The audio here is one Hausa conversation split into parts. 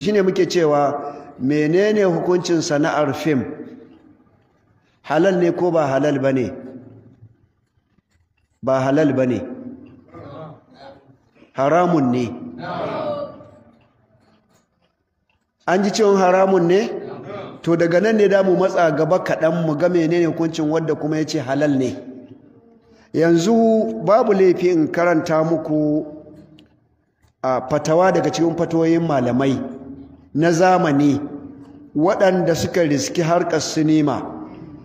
shine muke cewa menene hukuncin sana'ar fim halal ne ko ba halal bane ba halal bane haramun ne an ji cewa haramun ne to daga nan ne damu matsa gaba kaɗan mu ga menene hukuncin wadda kuma ya ce halal ne yanzu babu laifi in karanta muku a fatawa daga cikin fatoyin malamai na zamani waɗanda suka riski harkar sinima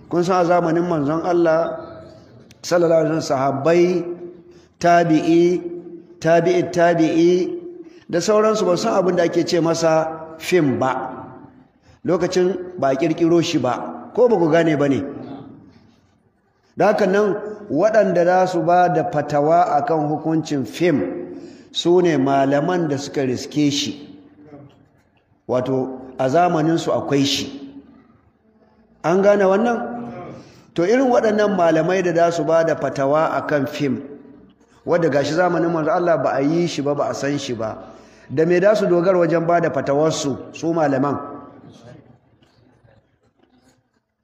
kun san a zamanin manzon Allah sallallahu alaihi sahabbai tabi'i tabi'i tabi'i da sauransu ba san abin da ake ce masa fim ba lokacin ba a kirkiro shi ba ko ba ku gane ba ne da haka nan waɗanda za su ba da fatawa akan hukuncin fim su ne malaman da suka riske shi wato a zamaninsu akwai shi an gane wannan to irin waɗannan malamai da za su ba da fatawa a kan fim wadda ga shi zamanin wanzu Allah ba a yi shi ba ba a san shi ba da me da su dogar wajen ba da fatawarsu su malaman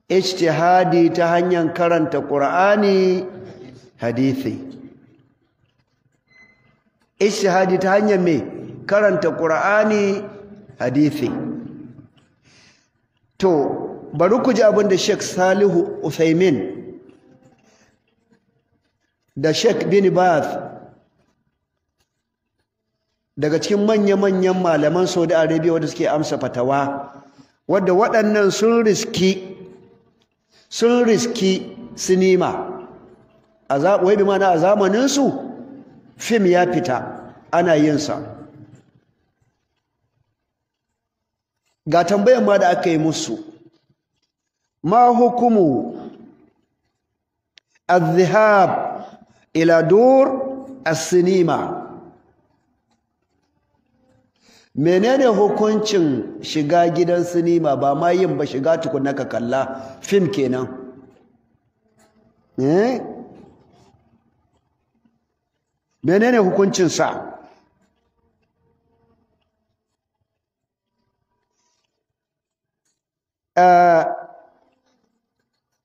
ijtihadi ta hanyar karanta ƙura'ani hadithi. ijtihadi ta hanyar mai karanta Kur'ani. hadithi to bari ku ji abin da Sheikh Salihu usaimin da Sheikh bin Baz daga cikin manya-manyan malaman Saudi Arabia wanda suke amsa fatawa wadda waɗannan sun riski sun riski sinima wai bi mana a zamaninsu fim ya fita ana yinsa ga tambayan ma da aka yi musu ma hukumu الذهاب إلى دور sinima. menene hukuncin shiga gidan sinima ba ma yin ba shiga tukuna ka kalla fim kenan eh? menene hukuncin sa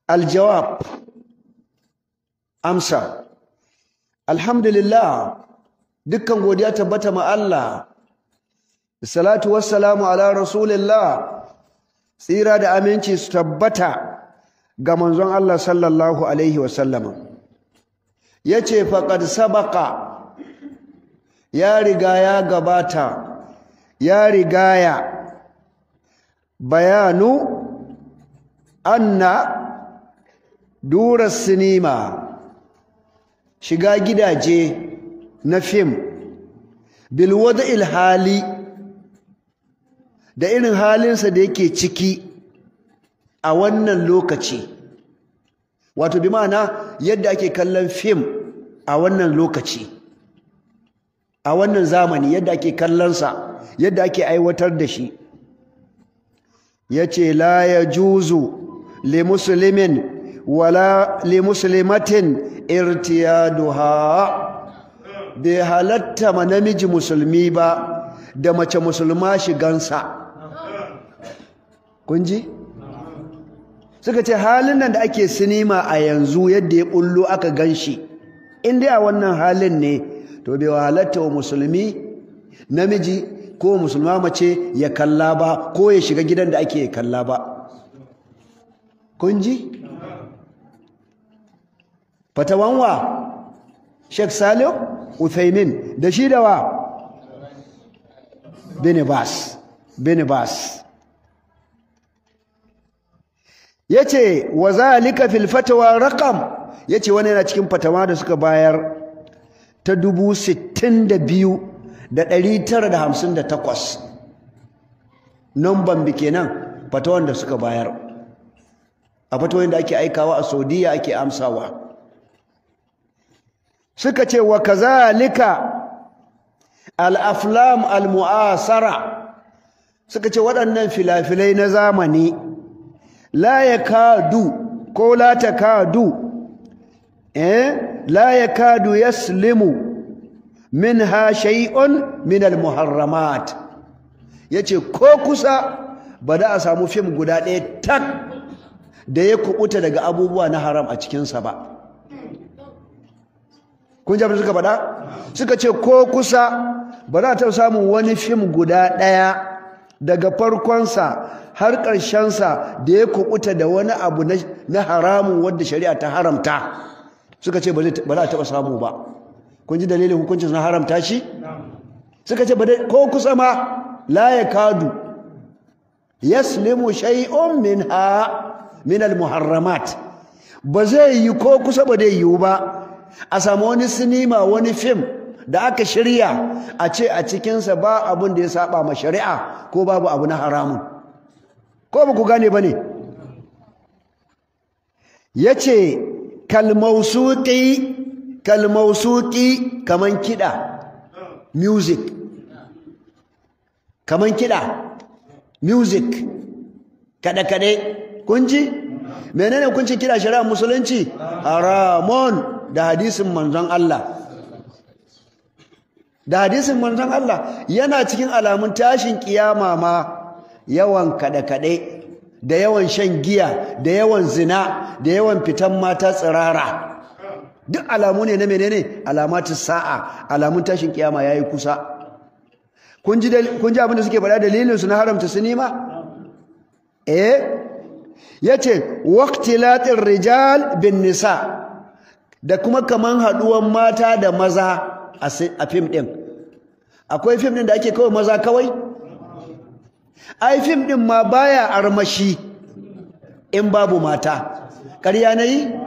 aljawab amsa Alhamdu lillah dukkan godiya tabbata ma Allah salatu wassalamu ala rasulillah tsira da aminci su tabbata ga manzon Allah sallallahu alaihi wasallama yace faqad sabaqa ya riga ya gabata ya rigaya bayanu anna durar sinima shiga gidaje na fim bilwada ilhali da irin halinsa da yake ciki a wannan lokaci wato bi ma'ana yadda ake kallon fim a wannan lokaci a wannan zamani yadda ake kallonsa yadda ake aiwatar da shi ya ce la ya juzu le musulmin wala li muslimatin irtiyaduha bai halatta ma namiji musulmi ba da mace musulma shigansa kunji suka ce halin nan da ake sinima a yanzu yadda ya bullo aka ganshi in dai a wannan halin ne to bai halatta wa musulmi namiji ko musulma mace ya kalla ba ko ya shiga gidan da ake kalla ba kunji fatawanwa Sheikh Salih Uthaymin da shi da wa Benibas Benibas yace wa zalika fil fatwa raqam yace wani yana cikin fatawa da suka bayar ta dubu sittin da biyu da ɗari tara da hamsin da takwas nomban bi kenan fatawan da suka bayar a fatawan da ake aikawa a saudiya ake amsawa suka ce wa kazalika al-aflam al-mu'asara suka ce waɗannan filafilai na zamani la ya yakadu ko la takadu eh la yakadu yaslimu ya shay'un min al-muharramat ce ko kusa ba da a samu fim guda ɗaya tak da ya kubuta daga abubuwa na haram a cikinsa ba kun ji suka faɗa suka ce ko kusa ba za ta samu wani fim guda ɗaya daga farkonsa har ƙarshensa da ya kukuta da wani abu na haramun wadda shari'a ta haramta suka ce ba za a taɓa samu ba kun ji dalilin hukuncin na haramta shi suka ce ko kusa ma la ya kadu yaslimu shay'un minha min al-muharramat ba zai yi ko kusa ba dai yiwu ba a samu wani sinima wani fim da aka shirya a ce a cikinsa ba abin da ya saba ma shari'a ko babu abu na haramun ko ba ku gane ba ne ya ce kalmausuti kalmausuki kaman kiɗa music kaman kiɗa music kaɗe-kaɗe kun ji? menene hukuncin kira shari'a musulunci haramun da hadisin manzon Allah da hadisin manzon Allah yana cikin alamun tashin kiyama ma yawan kaɗe-kaɗe da yawan shan giya da yawan zina da yawan fitan mata tsirara duk alamu ne na menene alamatin sa'a alamun tashin kiyama yayi kusa kun ji abin da suke faɗa dalilinsu na haramta su sinima eh Ya yace waqtilatir rijal bin nisa da kuma kamar haduwan mata da maza a fim din akwai fim din da ake kawai maza kawai ai fim din ma baya armashi in babu mata ƙarya nayi